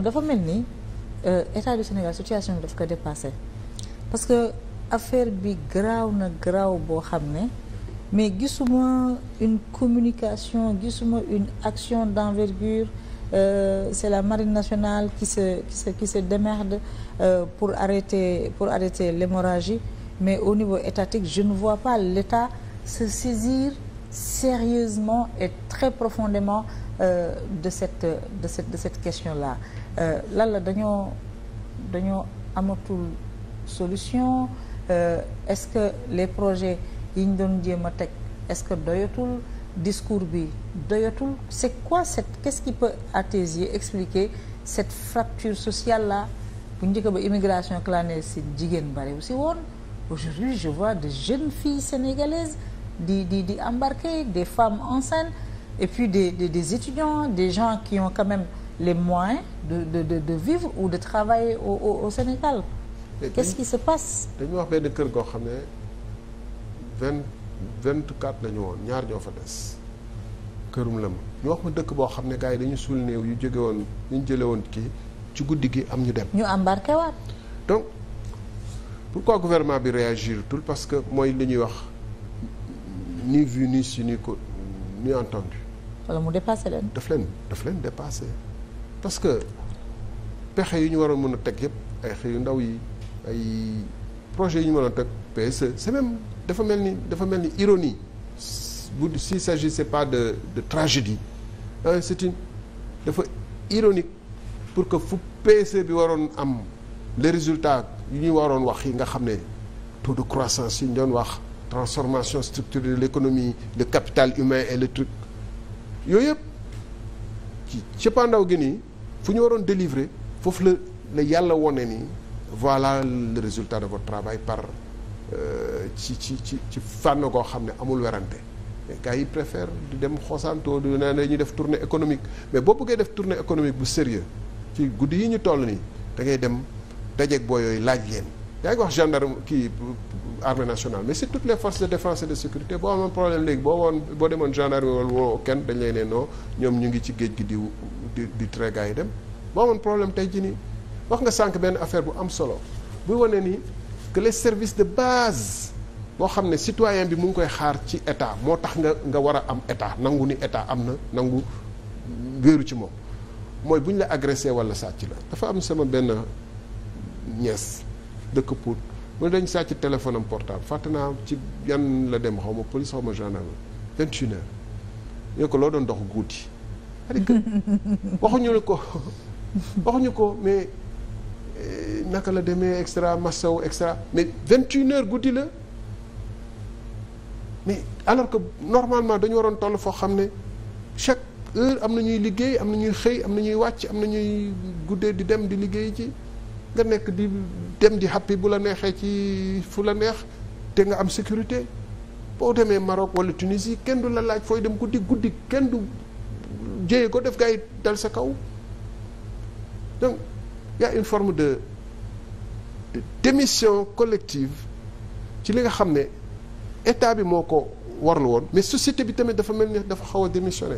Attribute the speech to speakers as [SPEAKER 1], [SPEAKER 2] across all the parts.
[SPEAKER 1] dafa mel ni euh, état du Sénégal situation def daf ko dépassé parce que affaire bi garaaw na graaw boo xam ne mais gisuma une communication gisuma une action d'envergure Euh, c'est la marine nationale qui se qui se qui se démerde euh, pour arrêter pour arrêter l'hémorragie mais au niveau étatique je ne vois pas l'État se saisir sérieusement et très profondément euh, de cette de cette de cette question-là lan euh, la dañoo dañoo amatul solution euh, est-ce que les projets yi ñu doon jéem a teg est-ce que doyatul discours bi doyatul c'est quoi cette qu'est-ce qui peut à expliquer cette fracture sociale la bu njëkk ba immigration clandestine jigéen bariw si woon aujourd'hui je vois de jeunes filles sénégalaises di di di embarquer des femmes enceintes et puis des, des des étudiants des gens qui ont quand même les moyens de de de de vivre ou de travailler au au, au Sénégal. qu'est-ce qui se passe.
[SPEAKER 2] dañu wax benn kër goo xam ne vingt vingt quatre la ñu woon ñaar ñoo fa des. kërum lëm ñu wax ma dëkk boo xam ne gars yi dañu suul néew yu jóge woon ñu jële woon kii ci guddi gi am ñu dem. ñu embarqué waat. donc pourquoi gouvernement bi réagir tout parce que mooy dañuy wax nu vu ni su ni ko ni entendu. wala mu dépassé leen. daf leen daf leen dépassé. parce que pexe yi ñu waroon a mën a teg yëpp ay xëyu ndaw yi ay projet yi ñu mën a teg PSE c'est dafa mel ni dafa mel ni ironie bu s'il s'agissait pas de de tragédie ah c'est une dafa ironique pour que fu PSE bi waroon am les résultat yu ñuy waroon wax yi nga xam ne taux de croissance yi ñu doon wax transformation structurelle de l'économie le capital humain et le truc yooyu yëpp ci cëppaandaw gi nii fu ñu waroon délivrer foofu la la yàlla wone ni voilà le résultat de votre travail par euh, ci ci ci ci fànn koo xam ne amul werante gars yi préfère di dem xosaantoo du ne dañuy def tournée économique mais boo bëggee def tournée économique bu sérieux ci guddi yi ñu toll nii da ngay dem dajeeg boo yooyu laaj leen yaa ngi wax gendarme kii armée nationale mais c'est toutes les forces de défense et de sécurité boo amoon problème léegi boo woon boo demoon gendarme wala woo kenn dañ lay ne non ñoom ñu ngi ci géej gi di di di traité gars yi dem boo amoon problème tey jii nii wax nga sànq benn affaire bu am solo bu wane nii que service de base boo xam ne citoyen bi mu ngi koy xaar ci état moo tax nga nga war a am état nangu ni état am na nangu wéeru ci moom mooy bu ñu la agressé wala sàcc la dafa am sama benn ñees. dëkk Pout mu ne dañ sàcc téléphone am portable fàtte naa ci yan la dem xaw ma police xaw ma gendarme vingt une heure doon dox guddi c'est-à-dire ko waxuñu eh, naka la demee extra massaw extra mais vingt une heure guddi la mais alors normalement dañu waroon toll foo xam ne chaque am na ñuy liggéey am na ñuy xëy am na ñuy wàcc am na ñuy guddee di dem di liggéey ci nga nekk di dem di xappi bu la neexee ci fu la neex te nga am sécurité boo demee Maroc wala Tunisie kenn du la laaj fooy dem guddi guddi kenn du jëye ko def gars yi dal sa kaw donc y a une forme de démission collective ci li nga xam ne état bi moo ko warlu woon mais société bi tamit dafa mel ni dafa xaw a démissionné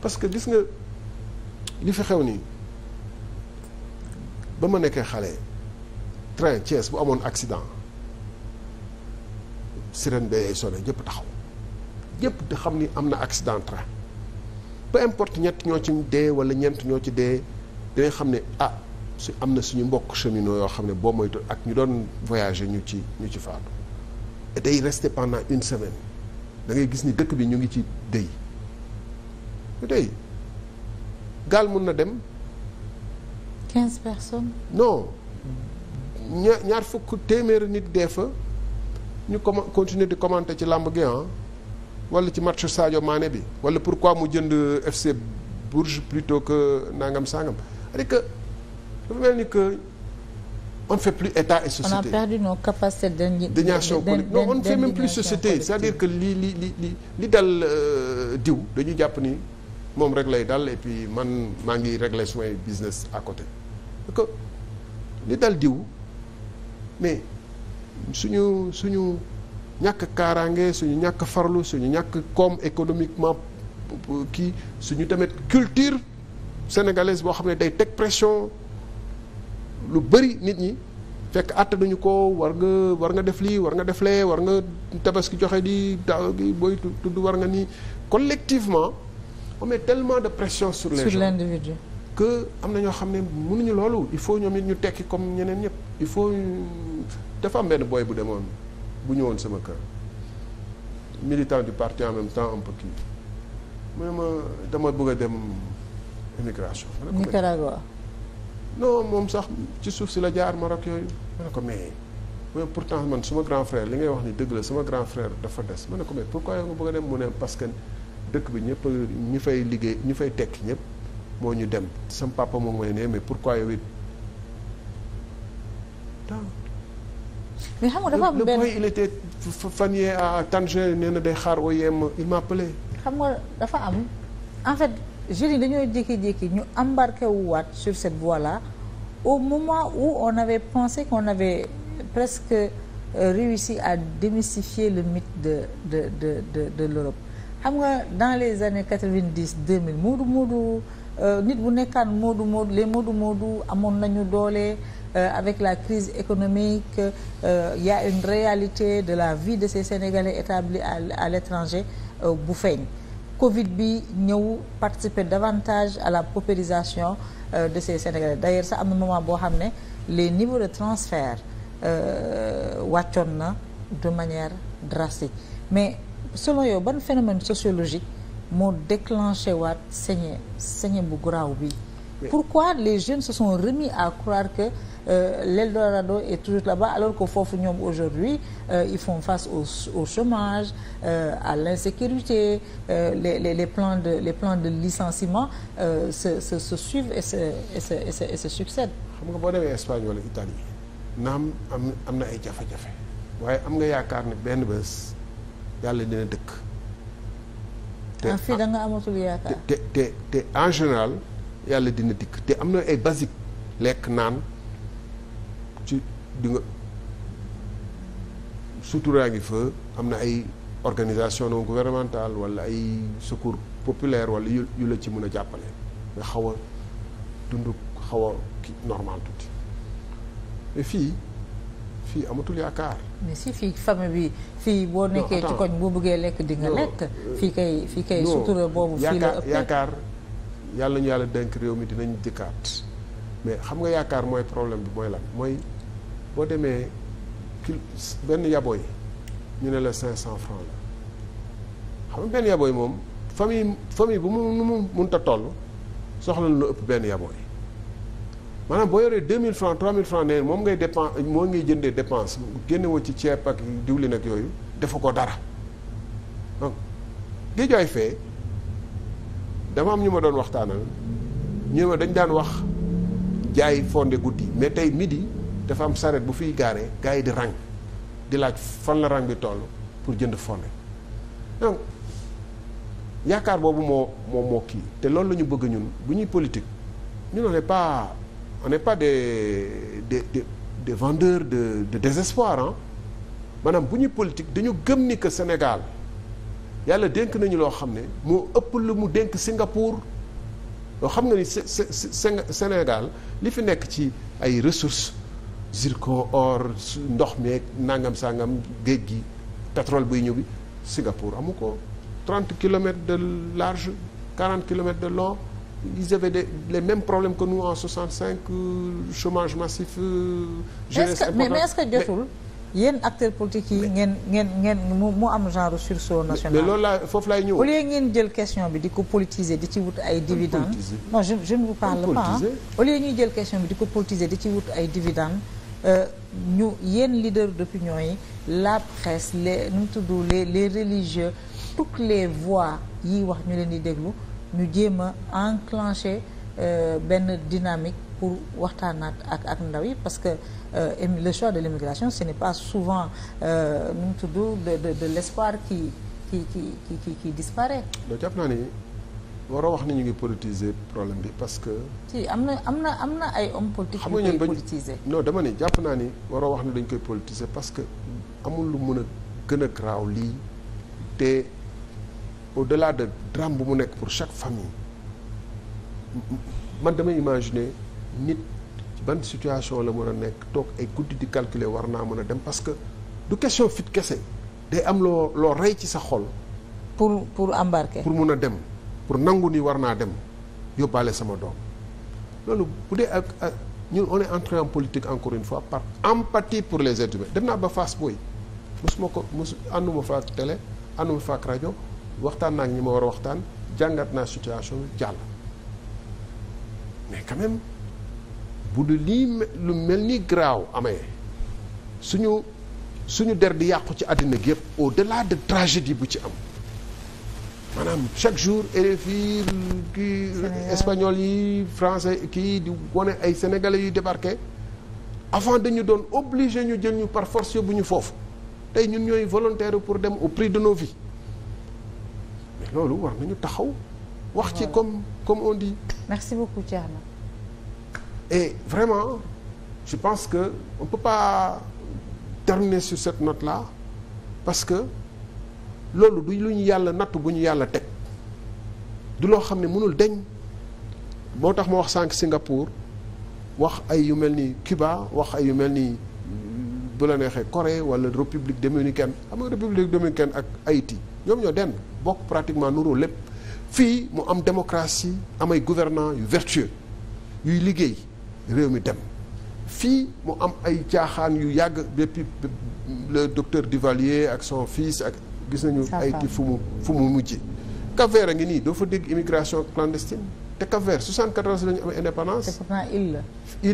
[SPEAKER 2] parce que gis nga li fi xew nii ba ma nekkee xale train Thiès bu amoon accident sirène bee sonné ñëpp taxaw ñëpp te xam ni am na accident train peu importe ñett ñoo ci dee wala ñeent ñoo ci dee dinañ xam ne ah su am na suñu mbokk cheminot yoo xam ne boo moytu ak ñu doon voyager ñu ci ñu ci faatu et day rester pendant une semaine da ngay gis ni dëkk bi ñu ngi ci dëy dëy gaal mun na dem
[SPEAKER 1] quinze personnes.
[SPEAKER 2] ñaar fukk téeméeri nit dee fa ñu com continuer de commenter ci làmb gi ah wala ci match Sadio Mané bi wala pourquoi mu jënd FC Bourges plutôt que nangam sangam c'est que dafa mel ni que on ne fait plus état et société. on a
[SPEAKER 1] perdu nos capacités
[SPEAKER 2] d'ignation collective non on ne fait même plus société cest dire que li li li li li dal diw dañuy jàpp ni moom rek lay dal et puis man maa ngi régler sumay business à côté. que li dal diw mais suñu suñu ñàkk kaaraange suñu ñàkk farlu suñu ñàkk koom économiquement kii suñu tamit culture sénégalaise boo xam ne day teg pression lu bëri nit ñi fekk àttanuñu ko war nga war nga def lii war nga def lee war nga tabaski joxe di daaw gi booy tudd war nga nii collectivement on met tellement de pression sur les gens sur l'individu que am na ñoo xam ne mënuñu loolu il faut ñoom it ñu tekki comme ñeneen ñëpp il faut dafa am benn booy bu demoon bu ñëwoon sama kër militant du parti en même temps un peu kii ma dama bëgg a dem immigration. Nicaragua. non moom sax ci suuf si la jaar Maroc yooyu ma ne ko mais mais man suma grand frère li ngay wax ni dëgg la sama grand frère dafa des ma ne ko mais pourquoi yow nga bëgg dem mu ne parce que dëkk bi ñëpp ñu fay liggéey ñu fay tekki ñëpp. moo ñu dem sam papa moom mooy ne mais pourquoi yow it
[SPEAKER 1] mais xam nga dafa am benn le point il
[SPEAKER 2] était fan yee à Tanger nee e
[SPEAKER 1] xam nga dafa am en fait jeunes yi dañoo jékki-jékki ñu embarqué wu waat sur cette voie là au moment où on avait pensé qu'on avait presque euh, réussi à démystifier le mythe de de de de de l'Europe xam nga dans les années quatre-vingt-dix deux mille Moodu Euh, nit bu nekkaan moodu moodu les moodu moodu amoon nañu doole euh, avec la crise économique il euh, y a une réalité de la vie de ces Sénégalais établis à l'étranger bu feeñ Covid bi ñëw participer davantage à la paupérisation de ces Sénégalais d'ailleurs sax am na moment boo xam ne les niveaux de transfert wàccoon na de manière drastique mais selon yow ban phénomène sociologique moo déclenché waat sañe sañe bu garaaw bi pourquoi les jeunes se sont remis à croire que euh, l'Eldorado est toujours là-bas alors que foofu ñoom aujourd'hui euh, ils font face au, au chômage euh, à l'insécurité euh, les, les les plans de les plans de licenciement euh, se se se suivent et se et se et
[SPEAKER 2] se, et succèdent. xam nga boo demee Espagne wala Italie naam am am na ay jafe-jafe waaye am nga yaakaar ne benn bés yàlla dina dëkk. te ah,
[SPEAKER 1] fii da nga amatul yaakaar
[SPEAKER 2] te te te en général yàlla dina dikk te am na ay basique lekk naan ci di nga suturaa ngi fa am na ay organisation non gouvernementale wala ay secours populaire wala yu yu la ci mën a jàppale nga xaw a dund xaw a tuuti mais fii fii amatul yaakaar.
[SPEAKER 1] mais si fii famille bi fii boo nekkee ci koñ boo bëggee lekk di nga lekk. fii kay fii kay sutura boobu. fii la ëpp yaakaar
[SPEAKER 2] yàlla ñu yàlla denk réew mi dinañ jëkkaat mais xam nga yaakaar mooy problème bi mooy lan mooy boo demee kil benn yaboy ñu ne la 500 francs la xam nga benn yaboy moom famille fami bu mu nu mu mënta toll soxla na lu ëpp benn yaboy. maanaam boo yoree 2000 francs 3000 francs ne moom ngay dépense moo ngay jëndee dépense génnewoo ci ceeb ak diwlin ak yooyu defu ko dara donc Guédiawaye fee dama am ñu ma doon waxtaanal ñu ma dañ daan wax jaay fonde guddi mais tey midi dafa am saret bu fiy gaaree gars yi di rang di laaj fan la rang bi toll pour jënd fonde donc yaakaar boobu moo moo moo kii te loolu la ñu bëgg ñun bu ñuy politique ñu ne pas on n'est pas des des des, des vendeurs de de désespoir ah maanaam bu ñuy politique dañu gëm ni que Sénégal yàlla dénk nañu loo xam ne moo ëpp lu mu dénk Singapour loo xam nga ni Sénégal li fi nekk ci ay ressources zircon or ndox meeg nangam sangam géej gi pétrole buy ñëw bi Singapour amu ko trente kilomètres de large 40 kilomètres de long. ils avaient des, les mêmes problèmes que nous en 65 euh, chômage massif euh, jeunesse mais est-ce que jotul
[SPEAKER 1] yéen acteurs politiques yi ngeen ngeen ngeen mu am genre sursaut national mais loolu laa
[SPEAKER 2] foofu laay ñëw au lieu
[SPEAKER 1] ngeen jël question bi di ko politiser di ci wut ay dividendes non je ne vous parle pas au lieu ñuy jël question bi di ko politiser di ci wut ay dividendes euh, ñu yéen leader d'opinion yi la presse le nu mu tudd les les religieux toutes les voix yi wax ñu leen di déglu ñu jéem a enclencher euh, benn dynamique pour waxtaanaat ak ak ndaw yi parce que euh, le choix de l'immigration ce n'est pas souvent euh, nu mu tudd de de de l'espoir qui ki qui ki qui disparaît. donc
[SPEAKER 2] jàpp naa ni waroo wax ni ñu ngi politiser problème bi parce que.
[SPEAKER 1] si am na am na am na ay hommes politiques. xam nga ñun
[SPEAKER 2] politiser non dama ni jàpp naa ni waroo wax ni dañ koy politiser parce que amul lu mën a gën a graaw lii te. au-delà de drame bu mu nekk pour chaque famille man damay imaginer nit ban situation la mën a nekk toog ay guddi di calculer war naa mën a dem parce que du question fit kese day am loo loo rey ci sa xol. pour pour embarquer. pour mun a dem pour nangu ni war naa dem yóbbaale sama doom loolu bu dee ak ñun on est entré en politique encore une fois par empathie pour les êtres dem naa ba Fass booy mosuma ko mos ànduma fa ak télé ànduma fa ak rajo. waxtaan naa ak ñi ma war a waxtaan jàngat naa situation bi jàll mais quand bu du lii lu mel ni graaw amee suñu suñu der di yàqu ci àddina gi yëpp au delà de tragédie bu ci am maanaam chaque jour RFI kii espagnol yi français kii di wane ay sénégalais yuy débarqué avant dañu doon obligé ñu jël ñu par force yóbbu ñu foofu tey ñun ñooy volontaire pour dem au prix de nos loolu war nañu taxaw wax ci comme comme on di merci beaucoup Thierno e vraiment je pense que on peut pas terminer sur cette note là parce que loolu du lu ñu yàlla natt bu ñu yàlla teg du loo xam ne mënul deñ boo tax ma wax sànq Singapour wax ay yu mel ni Cuba wax ay yu mel ni bu la neexee Corée wala République dominicaine am nga République dominicaine ak Haïti ñoom ñoo dem bokk pratiquement nuroo lépp fii mu am démocratie am ay gouvernants yu vertueux yuy liggéey réew mi dem fii mu am ay caaxaan yu yàgg depuis le docteur Duvalier ak son fils ak gis nañu ay ki fu mu fu mu mujj Cap-Vert a ngi nii doo fa dégg immigration clandestine te Cap-Vert 74 la ñu am indépendance te pourtant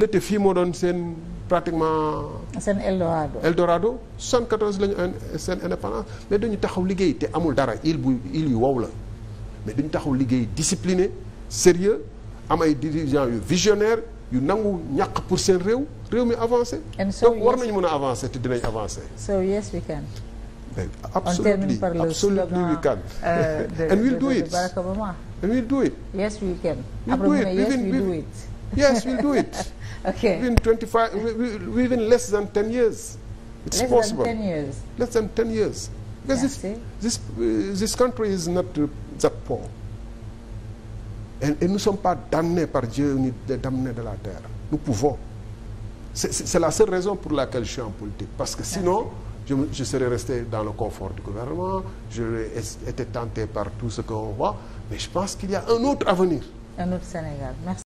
[SPEAKER 2] la te fii moo doon seen pratiquement. seen Eldorado. Eldorado 74 lañu seen indépendance mais dañu taxaw liggéey te amul dara il bu il yu wow la mais dañu taxaw liggéey discipliné sérieux am ay dirigeants yu visionnaire yu nangu ñaq pour seen réew réew mi avancé. donc war nañu mën a avancé te dinañ avancé. so
[SPEAKER 1] yes we can.
[SPEAKER 2] Absolutely, on termine par le slogan uh, de, and we'll do it. Yes, we Yes, we, Yes, we'll okay. within 25, within less than 10 years. It's less years. Less than years. Uh, this, country is not uh, that poor. Et, nous sommes pas damnés par Dieu ni damnés de la terre. Nous pouvons. C'est la seule raison pour laquelle je suis en politique. Parce que sinon, je, je serais dans le confort du gouvernement, par tout ce je pense qu'il y a un autre avenir.
[SPEAKER 1] Un autre Sénégal.